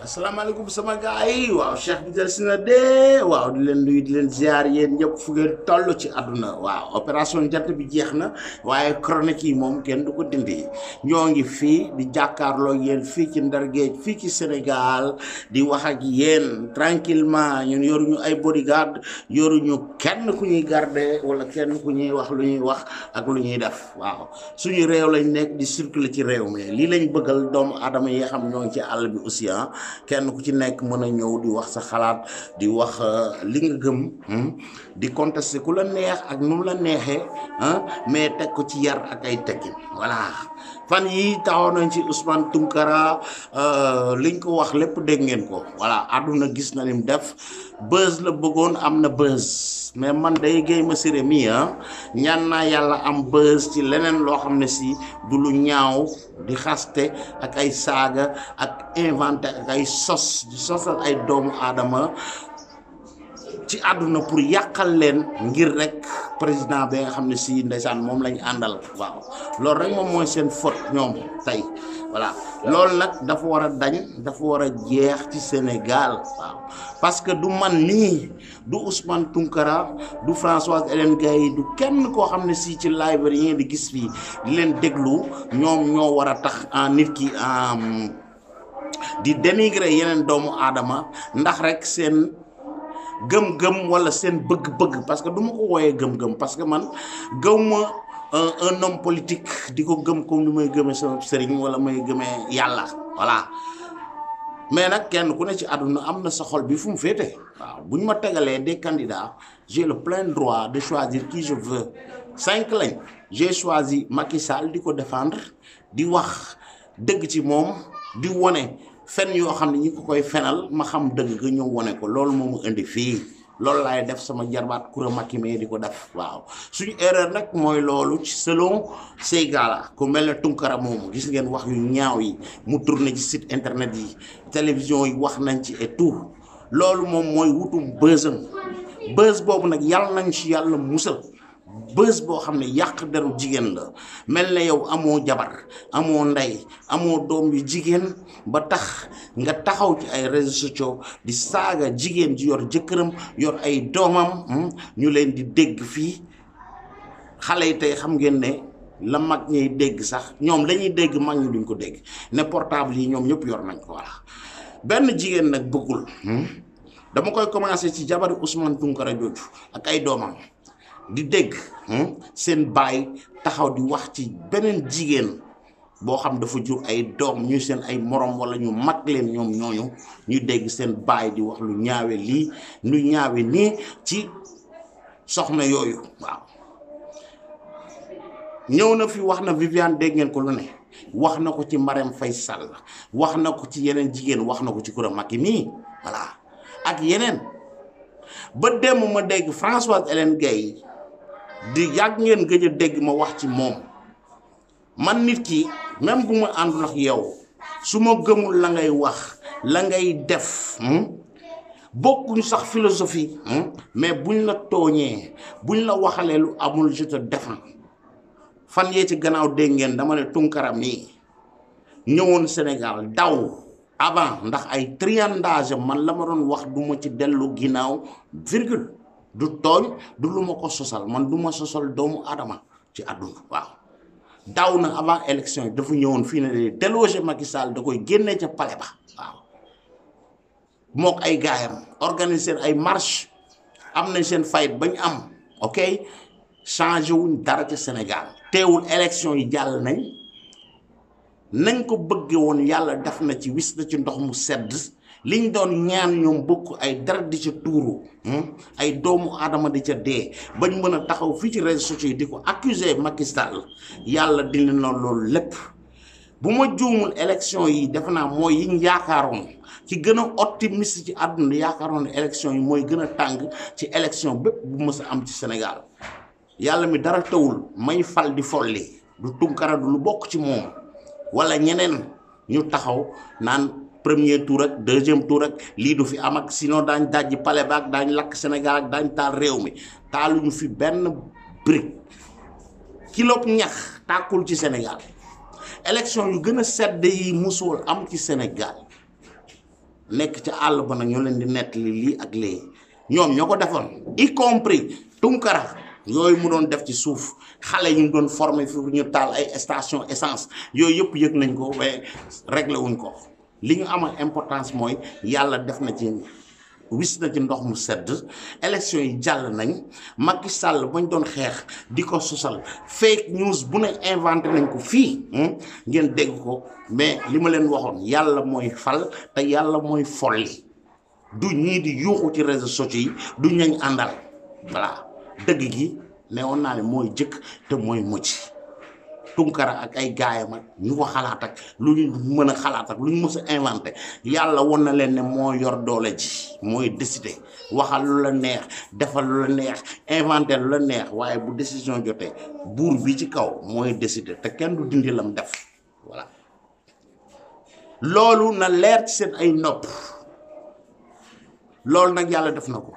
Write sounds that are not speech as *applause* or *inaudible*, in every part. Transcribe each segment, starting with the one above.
Assalamualaikum sama gars waaw Cheikh bi del si na dee waaw di len nuyu di len ziar yeen ñep fu ngeen tollu ci aduna waaw operation jant bi jeexna waye chronique yi mom kenn duko dindi ñoo ngi di jakarlo yeen fi ci Ndar geej fi ci senegal di wax ak yeen tranquillement ñun ñu ay bodyguard ñu kenn ku ñuy garder wala kenn ku ñuy wax lu ñuy wax ak lu ñuy def waaw suñu rew lañ nek di circuler ci rew mais li lañ bëggal doomu aadama yi xam ñoo ci bi aussi ah. kenn ku ci nekk mën a ñëw di wax sa xalaat di wax euh, li nga gëm hmm, di contester ku la neex ak nu la neexee mais teg ko ci yar ak ay tekki voilà fan yi taxaw nañ ci Ousmane Tunkara euh, liñ ko wax lépp dégg ngeen ko voilà aduna gis na lim def buzz la bëggoon am na buzz mais man day géey ma séré mi ah ñaan naa yàlla am buzz ci leneen loo xam ne si du lu ñaaw di xaste ak ay saaga ak inventé ak ay sos di sosal ay doomu aadama ci àdduna pour yàqal leen ngir rek président bi nga xam ne si ndeysaan moom lañ àndal waaw loolu rek moom mooy seen faute ñoom tey voilà loolu nag dafa war a dañ dafa war a jeex ci Sénégal waaw parce que du man nii du usman Tounkara du Françoise Hélène Gaye du kenn koo xam ne si ci librairie yi di gis fii di leen déglu ñoom ñoo war a tax en nit ki di dénigrer yeneen doomu aadama ndax rek seen gëm-gëm wala seen bëgg-bëgg parce que du ma ko wooyee gëm-gëm parce que man gaw ma euh, un homme politique di ko gëm ko lu may gëmee sama sëriñ wala may gëmee yàlla voilà mais nag kenn ku ne ci àdduna am na sa xol bi fu mu féete waaw bu ñu ma tegalee de candidats j'ai le plein droit de choisir qui je veux cinq lañ j'ai choisi Macky Sall di ko défendre di wax dëgg ci moom di wone fen yoo xam ne ñi ko koy fenal ma xam dëgg ga ñëw wone ko loolu moo mu indi fii loolu laay def sama jarbaat Coura Macky di ko def waaw suñu erreur nag mooy loolu ci selon ces gars ku mel ne Tunkara moomu gis ngeen wax yu ñaaw yi mu tourné ci site internet yi télévision yi wax nañ ci et tout loolu moom mooy wutum bësam bës boobu nag yàlla nañ ci yàlla musal bëss bo xamné yaq yàq deru la mel yow amo jabar amo nday amo dom yu jigen ba tax nga taxaw ci ay réseaux sociaux di saga jigen ji yor jëkërëm yor ay domam hmm? ñu leen di dégg fi xalé tay xam ngeen ne la mag ñuy dégg sax ñom lañuy dégg mag ñu duñ ko dégg né portable yi ñom ñëpp yor nañ ko wax ben jigen nak bëggul hmm? dama koy commencé ci jabari Ousmane Tunkara jooju ak ay domam di dégg seen baay taxaw di wax ci beneen jigéen boo xam dafa jur ay doom ñu seen ay moroom wala ñu mag leen ñoom ñooñu ñu dégg seen baay di wax lu ñaawe lii lu ñaawe nii ci soxna yooyu waaw ñëw na fi wax na Viviane dégg ko lu ne wax na ko ci Marème Faye Sall wax na ko ci yeneen jigéen wax na ko ci kuréel mag yi nii voilà ak yeneen ba démb ma dégg Françoise Hélène Gaye di yàgg ngeen gëj dégg ma wax ci moom man nit ki même bu ma àndul ak yow su ma gëmul la ngay wax la ngay def hmm? bokkuñ sax filosofi hmm? mais buñ la tooñee buñ la waxalee lu amul je te fan yee ci gannaaw dégg ngeen dama ne tunkaram nii ñëwoon Sénégal daw avant ndax ay triandage man la ma doon wax duma ci dellu ginnaaw virgule du tooñ du lu ma ko sosal man du ma sosal doomu aadama ci àdduna waaw daaw na avant élection yi dafa ñëwoon fii ne de déloger Macky Sall da koy génnee ca palais ba waaw mook ay gaayam organiser ay marche am nañ seen fayit bañ am ok changé wuñ dara ca Sénégal teewul élection yi jàll nañ nañ ko bëggee woon yàlla def na ci wis na ci ndox mu sedd liñ doon ñaan ñoom bokk ay dara di ca tuuru hmm? ay doomu aadama di ca dee bañ mën a taxaw fii ci réseaux sociaux yi di ko accuser Macky Sall yàlla dindi na loolu lépp bu ma juumul élection yi defe naa mooy yiñ yaakaaroon ci gën a optimiste ci àdduna yaakaaroon ne élection yi mooy gën a tàng ci élection bépp bu mës a am ci Sénégal yàlla mi dara tawul may fal di folli du tunkara du lu bokk ci moom walla ñeneen ñu taxaw naan premier tour ak deuxième tour ak lii du fi am ak sinon daañ dajji pale ba ak daañ lakk Sénégal ak daañ taal réew mi taaluñu fi benn brique kilob ñax tàkkul ci Sénégal élection yu gën a sedd yi musul am ci Sénégal nekk ca àll ba nag ñu leen di nettali lii ak léegi ñoom ñoo ko defoon y compris Tunkara yooyu mu doon def ci suuf xale ñu doon former fi ñu taal ay station essence yooyu yëpp yëg nañ ko waaye réglé wuñ ko li ñu amal importance mooy yàlla def na ci wis na ci ndox mu sedd élection yi jàll nañ Macky sàll bañ doon xeex di ko sosal fake news bu ne inventé nañ ko fii hmm? ngeen dégg ko mais li ma leen waxoon yàlla mooy fal te yàlla mooy folli du ñii di yuuxu ci réseau sociaux yi du ñañ àndal voilà dëgg gi newoon naa ne mooy jëkk te mooy mujj tunkara ak ay gaayam ak ñu ko xalaat ak lu ñu mën a xalaat ak lu ñu mës a inventé yàlla woon na leen ne moo yor doole ji mooy décider waxal lu la neex defal lu la neex inventé lu la neex waaye bu décision jotee buur bi ci kaw mooy désidé te kenn du dindi lam def voilà loolu na leer ci seen ay nopp loolu nag yàlla def na ko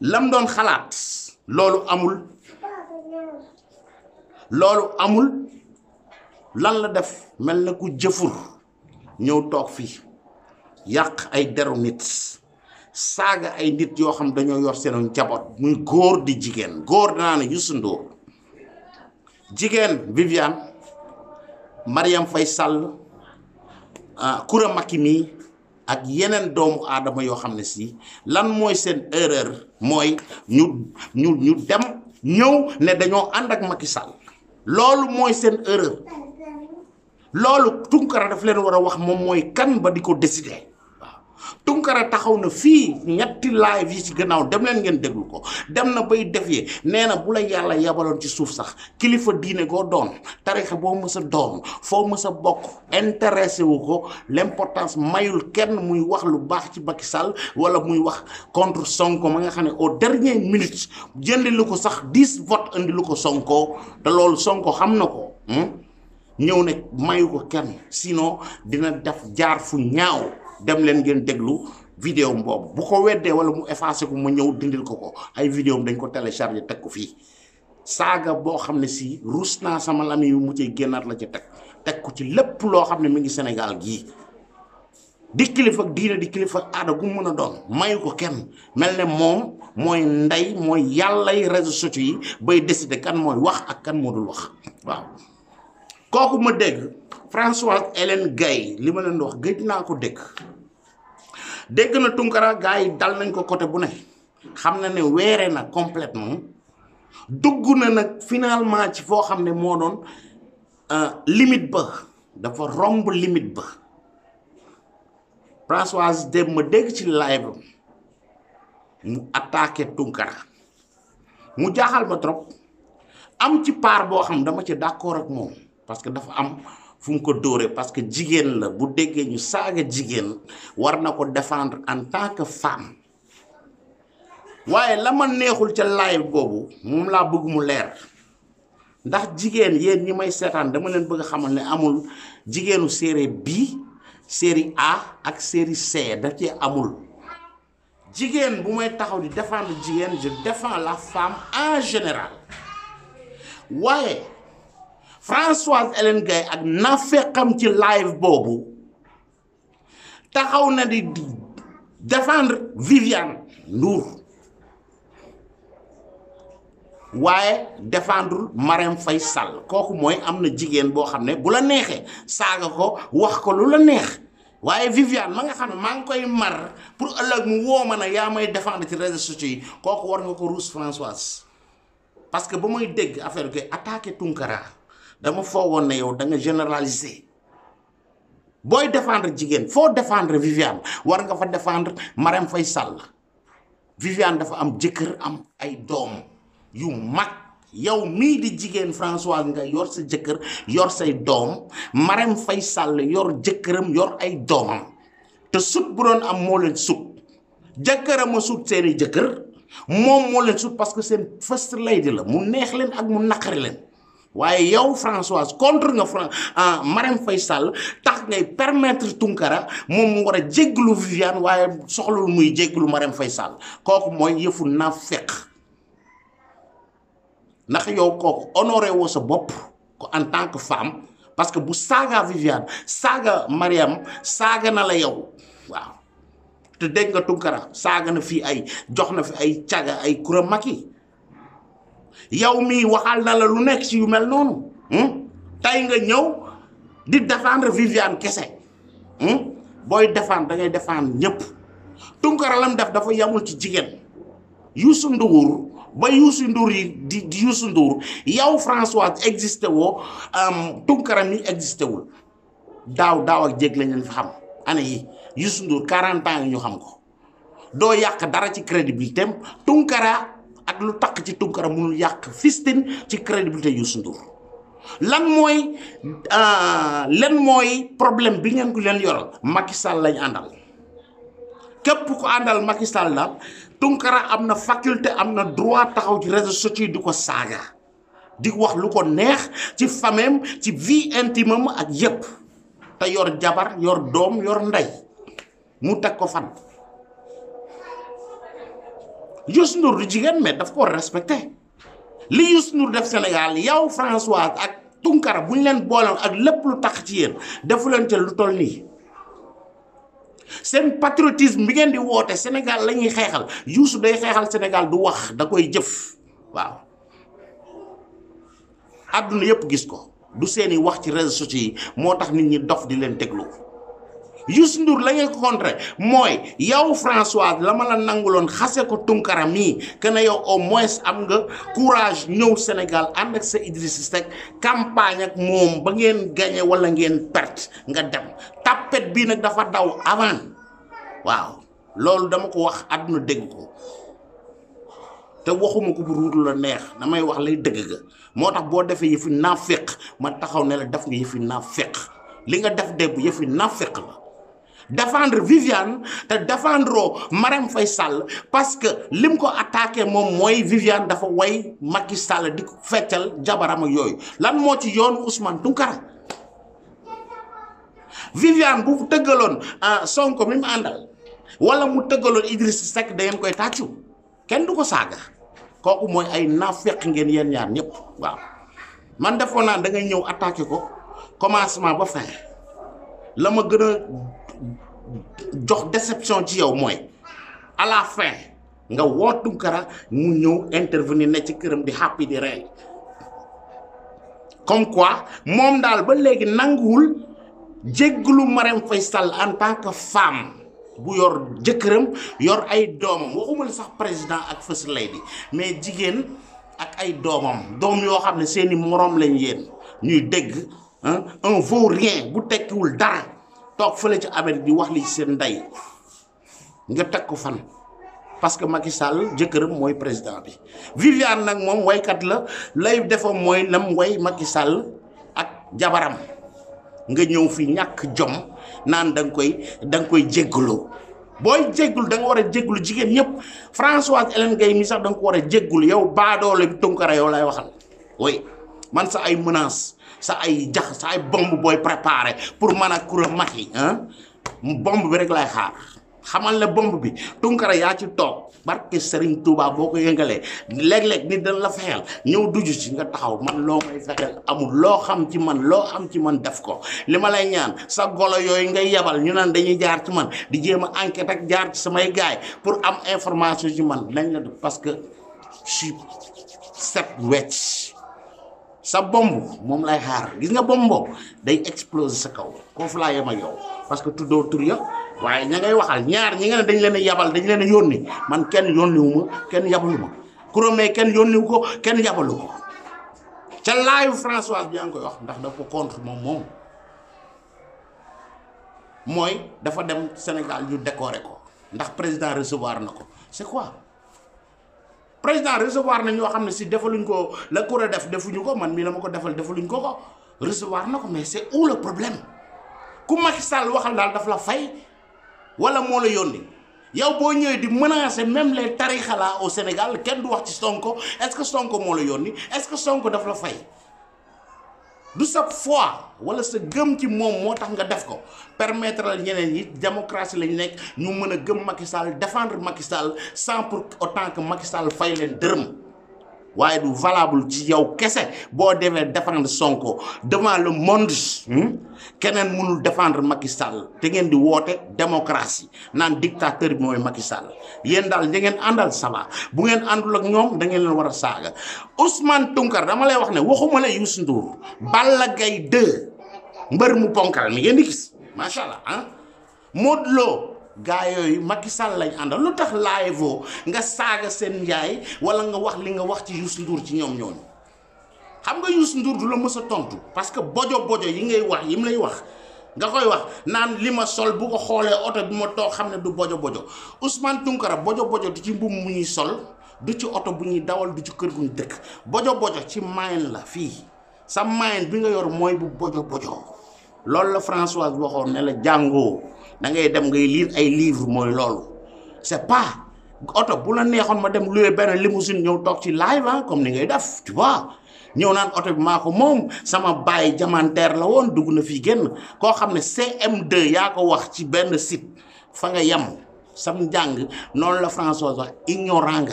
lam doon xalaat loolu amul. loolu amul lan la def mel na ku jëfur ñëw toog fii yàq ay deru nit saaga ay nit yoo xam dañoo yor seen njaboot muy góor di jigéen góor danaa ne Youssou Ndour jigéen Viviane Mariam Faye Sall Koura ah, Macky mi ak yeneen doomu aadama yoo xam ne si lan mooy seen erreur mooy ñu ñu ñu dem ñëw ne dañoo ànd ak Macky Sall loolu mooy seen erreur loolu Tunkara daf leen war a wax moom mooy kan ba di ko décider. Tunkara taxaw na fii ñetti live yi ci gannaaw dem leen ngeen déglu ko dem na bay def yi nee na bu la yàlla yabaloon ci suuf sax kilifa diine goo doon tarixa boo mës a doon foo mësa bokk intéressé wu ko l'importance mayul kenn muy wax lu baax ci Macky Sall wala muy wax contre Sonko ma nga xam ne au dernier minute jëndi lu ko sax dis votes indi lu ko Sonko te loolu Sonko xam na ko hmm? ñëw ne mayu ko kenn sinon dina def jaar fu ñaaw dem leen ngeen déglu vidéo boobu bu ko weddee wala mu effacé ko ma ñëw dindil ko ko ay vidéo dañ ko téléchargé teg ko fii saaga boo xam ne si rus naa sama lami yu mu ci génnaat la ci teg teg ko ci lépp loo xam ne mu ngi Sénégal gii di kilifa diine di kilifa aada gu mën a doon mayu ko kenn mel ne moom mooy ndey mooy yàllay réseaux sociaux yi bay décider kan mooy wax ak kan moo dul wax waaw kooku ma dégg Françoise Hélène Gaye li ma leen wax gëj naa ko dégg dégg na Tunkara gars yi dal nañ ko côté bu ne xam na ne weere na complètement dugg na nag finalement ci foo xam ne moo doon euh, limite ba dafa romb limite ba Françoise dem ma dégg ci live mu attaqué Tunkara mu jaaxal ma trop am ci part boo xam dama ci d'accord ak moom parce dafa am fu mu ko dóoree parce que jigéen la bu déggee ñu saaga jigéen war na ko defendre en tant que femme waaye la man neexul ca live boobu moom laa bëgg mu leer ndax jigéen yéen ñi may seetaan dama leen bëgg a xamal ne amul jigéenu série bi séeri A ak série C da ci amul jigéen bu may taxaw di défendre jigéen je défends la femme en général waaye Françoise Ellen gay ak nafeqam ci live bobu taxaw na di défendre Viviane nour waye défendre Marème Faye Sall kooku mooy am jigen jigéen ne bu la nexé saga ko wax ko lu la nex waye Viviane ma nga xam ma ngi koy mar pour ëlëk mu woo na ya may défendre ci réseaux sociaux yi war nga ko rousse Françoise parce que bu moy dégg affaire bi attaquer Tunkara dama foogoon na yow da nga généraliser booy défendre jigéen foo défendre Viviane war nga fa défendre Marème fay Sall Viviane dafa am jëkkër am ay doom yu mag yow mii di jigéen François nga yor sa jëkkër yor say doom Marème fay Sall yor jëkkëram yor ay doomam te sut bu doon am moo leen sut jëkkëram a sut seeni jëkkër moom moo leen sut parce que seen first lady la mu neex leen ak mu naqari leen waye yow Françoise contre nga Fran ah, Marème Faye Sall tax ngay permettre Tunkara mom mo wara a jéggalu Viviane waaye soxlul muy jéggalu marem Faye Sall kooku mooy yëfu naafeq ndax yow kooku honoré wo sa bop ko en tant que femme parce que bu saga Viviane saga Mariam saga na la yow waaw te deg nga Tunkara saga na fi ay jox na fi ay caga ay kuramaki. yow mii waxal na la lu nekk ci yu mel noonu hmm? tey nga ñëw di défendre Viviane kese hmm? booy défendre da ngay défendre ñëpp Tunkara lam def dafa yamul ci jigéen Youssou Ndour ba Youssou Ndour yi di di Youssou Ndour yow François existé woo Tunkara mi existé wul daaw daaw ak jéeg lañ leen fa xam année yi Youssou Ndour 40 ans yi ñu xam ko doo yàq dara ci crédibilité Tunkara ak lu tak ci tunkaram mu yak fistin ci crédibilité yu sundur lan euh lan moy problème bi ngeen ko len yoral Macky Sall lañ andal kep ko andal Macky Sall la tunkara amna faculté amna droit taxaw ci réseaux sociaux di saga di wax lu ko neex ci famem ci vie intime ak yépp te yor jabar yor dom yor nday mu teg ko fan Youssou Ndour du jigéen mais daf ko respecté li Youssou Ndour def Sénégal yow Françoise ak Tunkara bu ñu leen booloon ak lépp lu tax ci yéen defu leen ca lu toll nii seen patriotisme bi ngeen di woote senegal lañuy xeexal Youssou day xeexal senegal du wax da koy jëf waaw àdduna yépp gis ko du seeni wax ci réseaux sociaux yi moo tax nit ñi dof di leen déglu yus ndur la ngeen ko contré mooy yow françois la ma la nanguloon ko Tunkara mi yow au moins am nga courage ñew Sénégal and ak sa Idriss tek campagne ak mom ba ngeen gagner wala ngeen perte nga dem tapet bi nak dafa daw avant waaw lolou dama ko wax aduna deg ko te waxuma ko bu ruutu la neex damay wax lay deug ga motax bo defé defee nafiq ma taxaw ne la def nga nafiq li nga def deb nafiq la défendre Viviane te défendroo Marème Faye Sall parce que lim ko attaqué moom mooy Viviane dafa way Macky Sall di ko feccal jabaram yooyu lan moo ci yoon Ousmane Tounkara Viviane bu tëggaloon ah, Sonko mi mu àndal wala mu tëggaloon Idrissa Seck da koy tàccu kenn du ko saaga kooku mooy ay naafeq ngeen yeen ñaar ñëpp waaw man defoon naa da ngay ñëw attaqué ko commencement ba fin la ma gën a jox déception ci yow mooy à la fin nga woo mu ñëw intervenir na ci këram di happy di rey comme quoi moom daal ba léegi nanguwul jéggalu Marème Faye Sall en tant que femme bu yor jëkkëram yor ay doomam waxuma sax président ak fës lay bi mais jigéen ak ay doomam doom yoo xam ne seeni moroom lañ yéen ñuy dégg un vaurien bu tekkiwul dara toog fële ci Amérique di wax li seen ndey nga teg ko fan parce que Macky Sall jëkkëram mooy président bi Viviane nag moom waykat la lay defam mooy nam way Macky Sall ak jabaram nga ñëw fi ñàkk jom naan da koy danga nga koy jéggaloo booy jéggul da nga war a jéggul jigéen ñëpp Françoise Hélène Gaye mi sax da ko war a jéggul yow baadoole bi Tunkara yow lay waxal oui man sa ay menace sa ay jax sa ay bomb booy préparé pour man ak kura mag yi bomb bi rek lay xaar xamal la bomb bi tunkara yaa ci toog barke Serigne Touba boo ko yëngalee léeg-léeg nit dañ la fexeel ñëw duju ci nga taxaw man loo may fexeel amul loo xam ci man loo xam ci man def ko li ma lay ñaan sa golo yooyu ngay yebal ñu naan dañuy jaar ci man di jéem a enquête ak jaar ci samay gaay pour am information ci man lañ la def parce que je set wecc sa bomb moom lay xaar gis nga bomb boobu day exploser sa kaw foofu laa yem ak yow parce que tuddoo tur ya waaye ña ngay waxal ñaar ñi nga ne dañ leen a yabal dañ leen a yónni man kenn yónniwu ma kenn yabalu ma Kromé kenn yónniwu ko kenn yabalu ko ca laayu Françoise bi yaa ngi koy wax ndax daf ko contre moom moom mooy dafa dem Sénégal yu décorer ko ndax président recevoir na ko c'est quoi président recevoir na ñoo xam ne si defaluñ ko la kur a def defuñu ko man mii la ma ko defal defaluñ ko ko recevoir na ko mais c'est où le problème ku Macky Sall waxal daal daf la fay wala moo la yoon yónni yow boo ñëwee di mën menacer même les tarixa la au Sénégal kenn du wax ci Sonko est-ce que Sonko moo la yoon yónni est-ce que Sonko daf la fay du sa fois wala sa gëm ci moom moo tax nga def ko permettre la ñeneen ñi démocratie lañ nekk ñu mën a gëm Macky Sall défendre Macky Sall sans pour autant que Macky fay leen dërëm. waaye du valable ci yow kese boo demee défendre Sonko devant le monde hmm? keneen mënul defendre Macky Sall te ngeen di woote démocratie naan dictateur bi mooy Macky Sall yéen daal dangeen ngeen àndal sama bu ngeen àndul ak ñoom da ngeen leen war a saaga Ousmane Tounkara dama lay wax ne waxuma ne Youssou Ndour Balla Gaye 2 mbër mu ponkal mi ngeen di gis macha allah ah Modou Lo gaa yooyu Macky Sall lañ àndal lu tax laayevoo nga saaga seen yaay wala nga wax li nga wax ci Youssou Ndour ci ñoom ñooñu xam nga Youssou Ndour du la mës a tontu parce que bojo bojo yi ngay wax yi mu lay wax nga koy wax naan li ma sol bu ko xoolee oto du ma toog xam ne du bojo bojo Ousmane Tounkara bojo bojo du ci mbubb mu ñuy sol du ci oto bu ñuy dawal du ci kër guñ dëkk bojo bojo ci mayen la fii sa mayen bi nga yor mooy bu bojo bojo loolu la Françoise waxoon ne la jàngoo da ngay dem ngay lire ay livre moy lolu c'est pas auto bu la neexoon ma dem louer ben limousine ñeu tok ci live hein ah, comme ni ngay def tu vois ñeu naan auto bi mako ko sama bay jamanter la won dug na fi genn ko xamne ne CM2 ya ko wax ci ben site fa nga yam sam jang non la François wax ignorant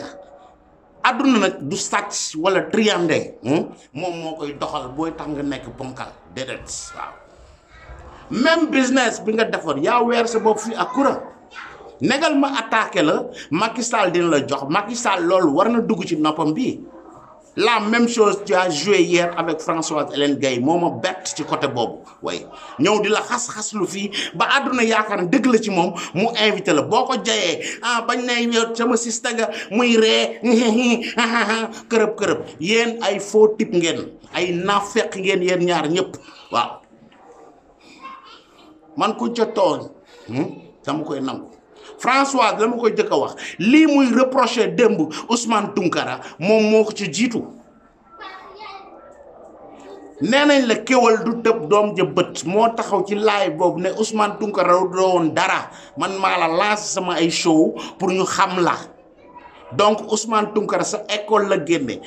aduna nak du sax wala triandé hmm mom koy doxal boy tang nek nekk bonkal déedéet waaw même business bi nga defoon yaa weer sa bopp fii ak courant negal ma attaqué la Macky Sall dina la jox Macky Sall loolu war na dugg ci noppam bi la même chose tu as joué avec Françoise Hélène Gaye moo ma bett ci côté boobu way ñëw di la xas-xas lu fii ba àdduna yaakaar dëgg la ci moom mu invité la boo ko jayee ah bañ nay yow sama sista ga muy ree *laughs* kërëb kërëb yéen ay faux type ngeen ay naafeq ngeen yéen ñaar ñëpp waaw man ku ca tooñ hmm? dama koy nangu François dama koy jëkk a wax lii muy reproché démb Ousmane Tounkara moom moo ko ci jiitu nee nañ la kéwal du tëb doom ja bët moo taxaw ci laay boobu ne Ousmane Tounkara du woon dara man maa la lancé sama ay show pour ñu xam la donc Ousmane Tounkara sa école la génne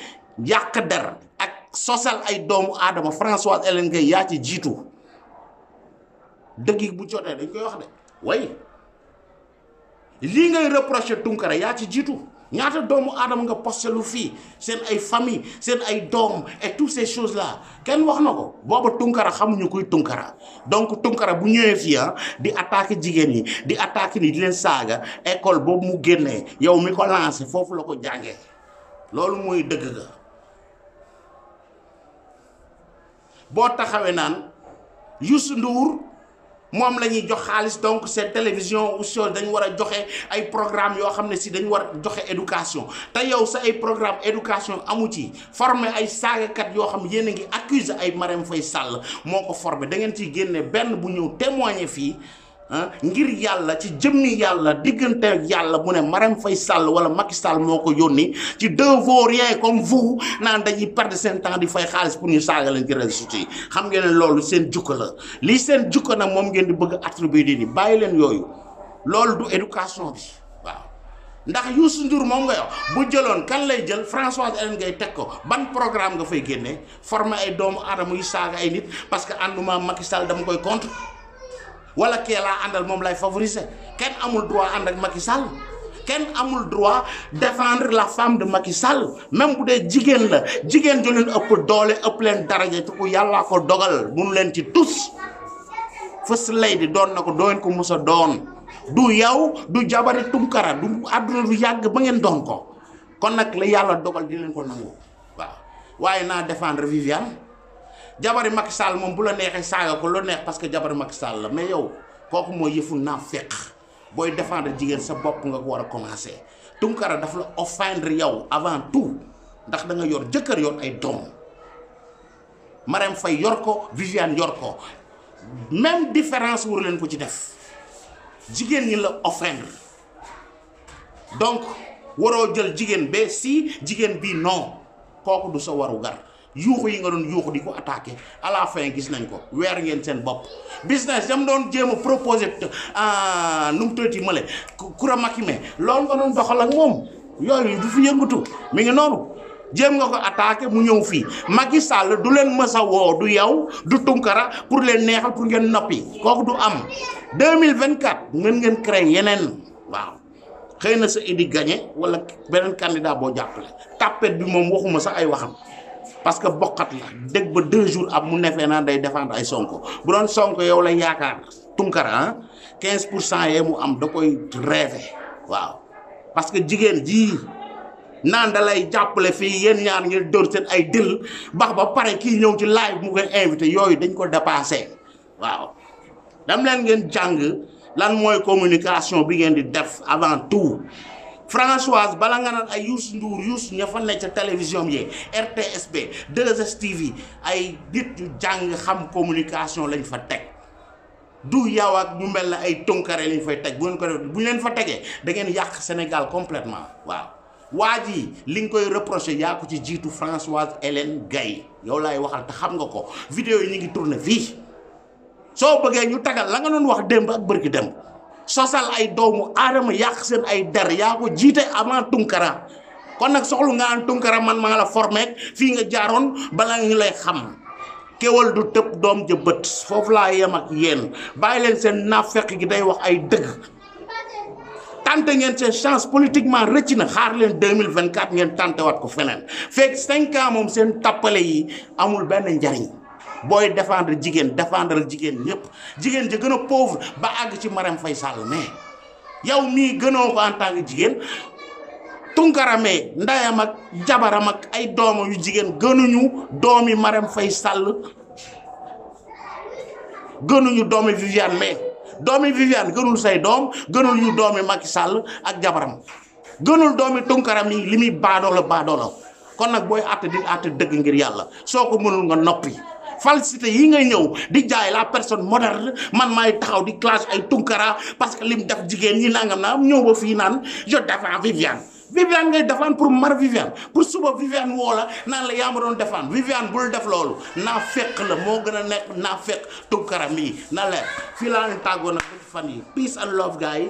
yàq der ak sosal ay doomu aadama François Hélène yaa ci jiitu dëgg bu jotee dañ koy wax de way lii ngay reproché Tunkara yaa ci jiitu ñaata doomu aadama nga postelu fii seen ay famille seen ay doom et toutes ces choses là kenn wax na ko booba Tunkara xamuñu kuy Tunkara donc Tunkara bu ñëwee fii ah di attaqué jigéen ñi di attaqué ni di leen saaga école boobu mu génnee yow mi ko lancé foofu la ko jàngee loolu mooy dëgg ga boo taxawee naan Youssou Ndour moom la ñuy jox xaalis donc seen télévision ou chose dañu war a joxe ay programme yoo xam ne si dañu war a joxe éducation te yow sa ay programme éducation amu ci formé ay saagakat yoo xam yéen a ngi accuser ay Marème Faye Sall moo ko formé da ngeen ciy génne benn bu ñëw témoigner fii Ah, ngir yàlla ci jëmmi yàlla diggante ak yàlla mu ne Marème fay sàll wala Macky Sall moo ko yónni ci deux vaut rien comme vous naan dañuy perdre seen temps di fay xaalis pour ñu saaga leen ci réseaux sociaux yi xam ngeen ne loolu seen jukka la lii seen jukka nag moom ngeen di bëgg attribuer di bàyyi leen yooyu loolu du éducation bi waaw ndax Youssou Ndour moom nga yow bu jëloon kan lay jël Françoise Hélène ngay teg ko ban programme nga fay génne former ay doomu aadama yu saaga ay parce que ànduma Macky Sall dama koy contre wala ki la andal mom lay favoriser ken amul droit and ak Macky Sall ken amul droit défendre la femme de Macky Sall même boudé jigen la jigen ju ëpp doole ëpp len daraja ci ko ko dogal mun len ci tus first lady don don nako doon ko musa doon du yaw du jabari tumkara du aduna du yag ba ngeen doon ko kon nak la yalla dogal di len ko nangu waaye naa défendre Viviane jabari Macky Sall moom bu la nexé saga ko lu nex parce que jabari Macky Sall la mais yow kooku mooy yëfu naafeq boy défendre jigen sa bop nga ko wara a commencer Tounkara daf la offendre yow avant tout ndax da nga yor jëkkeur yor ay dom Marème fay yor ko Viviane yor ko même différence wour len ko ci def jigen ñi la offendre donc jël jigen si jigen bi non koku du sa waru gar yuuxu yi nga doon yuuxu di ko attaqué à la fin gis nañ ko weer ngeen seen bopp business yam doon jéema a proposé euh, nu mu tëddee mële kura makime loolu nga doon doxal ak moom yooyu du fi yëngatu mi ngi noonu jéem nga ko attaqué mu ñëw fii Macky Sall du leen mës a woo du yow du Tunkara pour leen neexal pour ngeen noppi kooku du am mille vingt mën ngeen ngeen créer yeneen waaw. xëy na sa indi gagné wala beneen candidat boo jàppale tapet bi moom waxuma sax ay waxam. parce que bokkat la dégg ba deux jours ab mu nefee naan day défendre ay sonko bu doon sonko yow lay yaakaar tunkara ah, quinze pour cent yee mu am da koy rêvé waaw parce que jigéen ji naan dalay jàppale fii yéen ñaar ngeen dóor seen ay dël baax ba pare kii ñëw ci live mu koy invité yooyu dañ ko dépassé waaw dam leen ngeen jàng lan mooy communication bi ngeen di def avant tout Françoise bala nga naan ay Youssou Ndour Youssou ña fa ne ca télévision yee RTSB 2STV ay nit ñu jàng xam communication lañ fa teg du yow ak ñu mel na ay tunkare lañ fay teg bu ko bu leen fa tegee da ngeen yàq Sénégal complètement waaw waa ji li nga koy reproché yaa ko ci jiitu Françoise Hélène Gaye yow lay waxal te xam nga ko vidéo yi ñu ngi tourné fii soo bëggee ñu tagal la nga doon wax démb ak bërki démb sosal ay doomu aadama yàq seen ay der yaa ko jiite amaa Tunkara kon nag soxlu nga an Tunkara man maa la formé fii nga jaaroon balaa ñu lay xam kéwal du tëb doom ja bët foofu laa yem ak yéen bàyyi leen seen naafeq gi day wax ay dëgg tante ngeen seen chance politiquement rëcc na xaar leen deux mille 2024 ngeen tante waat ko feneen fekk cinq ans moom seen tappale yi amul benn njariñ boy défendre jigen défendre jigen ñep jigen je gëna pauvre ba ag ci maram fay sall mais yow mi gëno ko en tant que jigen tungaramé ndayam ak jabaram ak ay dooma yu jigen gënuñu doomi maram fay sall gënuñu doomi vivian mais doomi vivian gënul say doom gënul ñu doomi macky sall ak jabaram gënul doomi tungaram limi baadoo la baadoo la kon nak boy att di att deug ngir yalla soko mënul nga nopi falsité yi ngay ñëw di jaay la personne moderne man maay taxaw di clash ay tunkara parce que lim def jigéen ñi nangam mu ñëw ba fii naan je défends Viviane Viviane ngay défendre pour mar Viviane pour suba Viviane woo la naan la yaa ma doon defaan Viviane bul def loolu naa fekk la moo gën a nekk naa fekk tunkara mii na leer fii laa leen tàggoo nag fan yi peace and love gars yi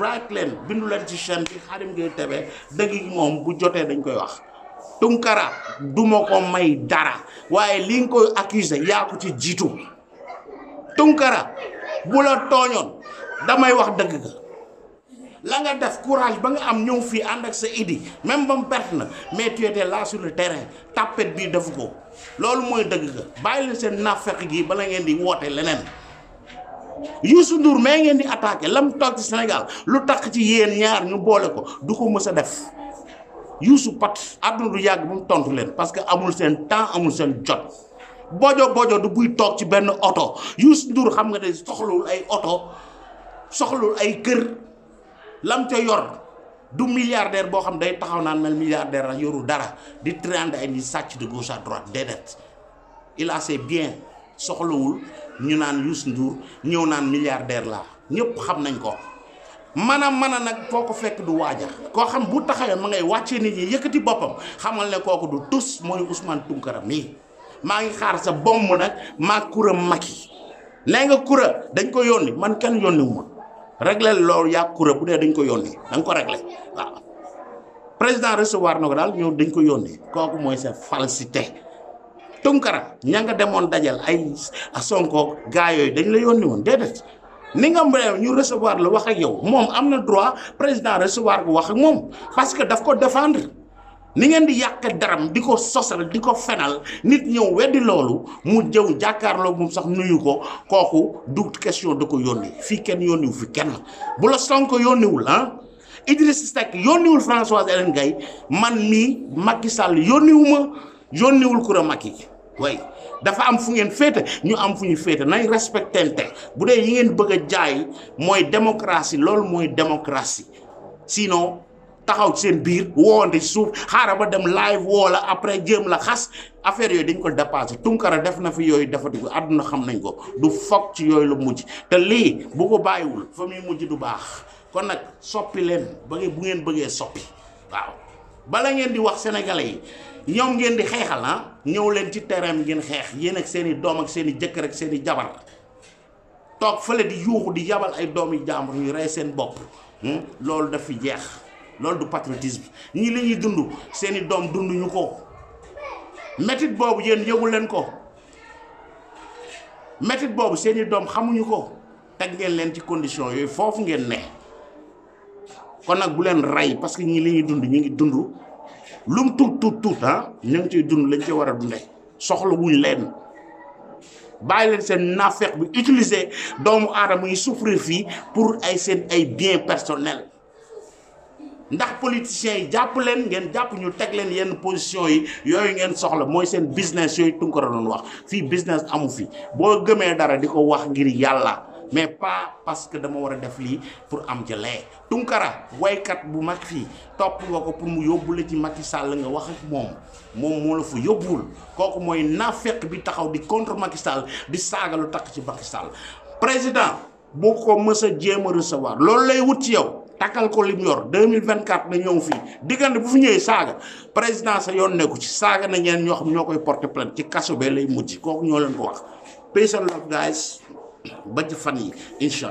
right leen bindu leen ci chaîne bi Khadim Gueye Tebe dëgg moom bu jotee dañ koy wax Tunkara duma ko may dara waaye li nga koy accusé yaa ko ci jiitu Tunkara bu la tooñoon damay wax dëgg ga la nga def courage ba nga am ñëw fii ànd ak sa idi même ba mu perte na mais tu étais là sur le terrain tapet bii defu ko loolu mooy dëgg ga bàyyi leen seen naafeq gi bala ngeen di woote leneen Youssou Ndour mais ngeen di attaqué lam toog ci Sénégal lu tax ci yéen ñaar ñu boole ko du ko mës a def yuusu pat àdduna du yàgg bu mu tontu leen parce que amul seen temps amul seen jot bojo bojo du buy toog ci benn oto yuus Ndour xam nga ne soxlawul ay oto soxlawul ay kër lam ca yor du milliardaire boo xam day taxaw naan mel milliardaire ak yoru dara di triande ay ni sàcc de gauche à droite déedéet il a ses biens soxlawul ñu naan Youssou Ndour ñëw naan milliardaire la ñëpp xam nañ ko man a man nag foo ko fekk du waaja koo xam bu taxawee ma ngay wàccee nit ñi yëkkati boppam xamal ne kooku du tus mooy Ousmane Tounkara mii maa ngi xaar sa bomb nag maa kura Macky nee nga kura dañ ko yónni man kenn yónni wu loolu yaa kura bu dee dañ ko yónni da nga ko réglé waaw président recevoir na ko daal ñëw dañ ko yónni kooku mooy sa falsité Tounkara ña nga demoon dajal ay Sonko gaa yooyu dañ la yónni woon déedéet ni nga mbéyam ñu recevoir la wax ak yow moom am na droit président recevoir bu wax ak moom parce que daf ko défendre ni ngeen di yàq daram di ko sosal di ko fenal nit ñëw weddi loolu mu jëw jàkkaarloo moom sax nuyu ko kooku du question da ko yónni fii kenn yónniwu fi kenn bu la Sonko yónniwul ah Idriss Seck yónniwul Françoise Hélène Gaye man mii Macky Sall yónniwu ma yónniwul Coura Macky way dafa am fu ngeen féete ñu am fu ñu féete nañ respectente bu dee yi ngeen bëgg a jaay mooy démocratie loolu mooy démocratie sinon taxaw ci seen biir woonte ci suuf xaaral ba dem live woo la après jéem la xas affaire yooyu dañ ko dépassé Tunkara def na fi yooyu dafa àdduna xam nañ ko du foog ci yooyu la mujj te lii bu ko bàyyiwul fa muy mujj du baax kon nag soppi leen ba bu ngeen bëggee soppi waaw bala ngeen di wax sénégalais yi ñoom ngeen di xeexal ah ñëw leen ci terrain ngeen xeex yéen ak seeni i doom ak seen i jëkkër ak seeni jabar toog fële di yuuxu di yabal ay doom yu jàmbur ñu rey seen bopp hmm? loolu dafa jeex loolu du patriotisme ñii li ñuy dund seeni doom dunduñu ko métit boobu yéen yëgu leen ko métit boobu seeni doom xamuñu ko teg ngeen leen ci condition yooyu foofu ngeen ne kon nag bu leen rey parce que ñii li ñuy dund ñu ngi dund. lum tout tout tout tuut ñang ci dund lañ ci wara dundé soxla wuñ leen bàyyi leen seen naafeq bi utiliser doomu adam yi souffrir fi pour ay sen ay bien personnel ndax politiciens yi jàpp leen ngeen jàpp ñu teg leen yenn position yi yoy ngeen soxla moy sen business yoy Tunkara doon wax fi business amu fi bo gëmé dara diko wax ngir yalla mais pas parce que dama wara def li pour am ja lay tunkara kat bu mak fi top wako pour mu yobul la ci Macky Sall nga wax ak mom mom mo la fu yobul koku moy nafeq bi taxaw di contre Macky Sall di sagalu lu ci Macky Sall président bu ko mës a a recevoir loolu lay wut ci yow takal ko lim yor 2024 na ñew fi digand bu fi ñëwee saga président sa yon neku ci saga na ñen ñox ñokoy porter plainte ci kaso be lay mujj koku ñoo ko wax peace and love guys ba ci fan yi incha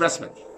respect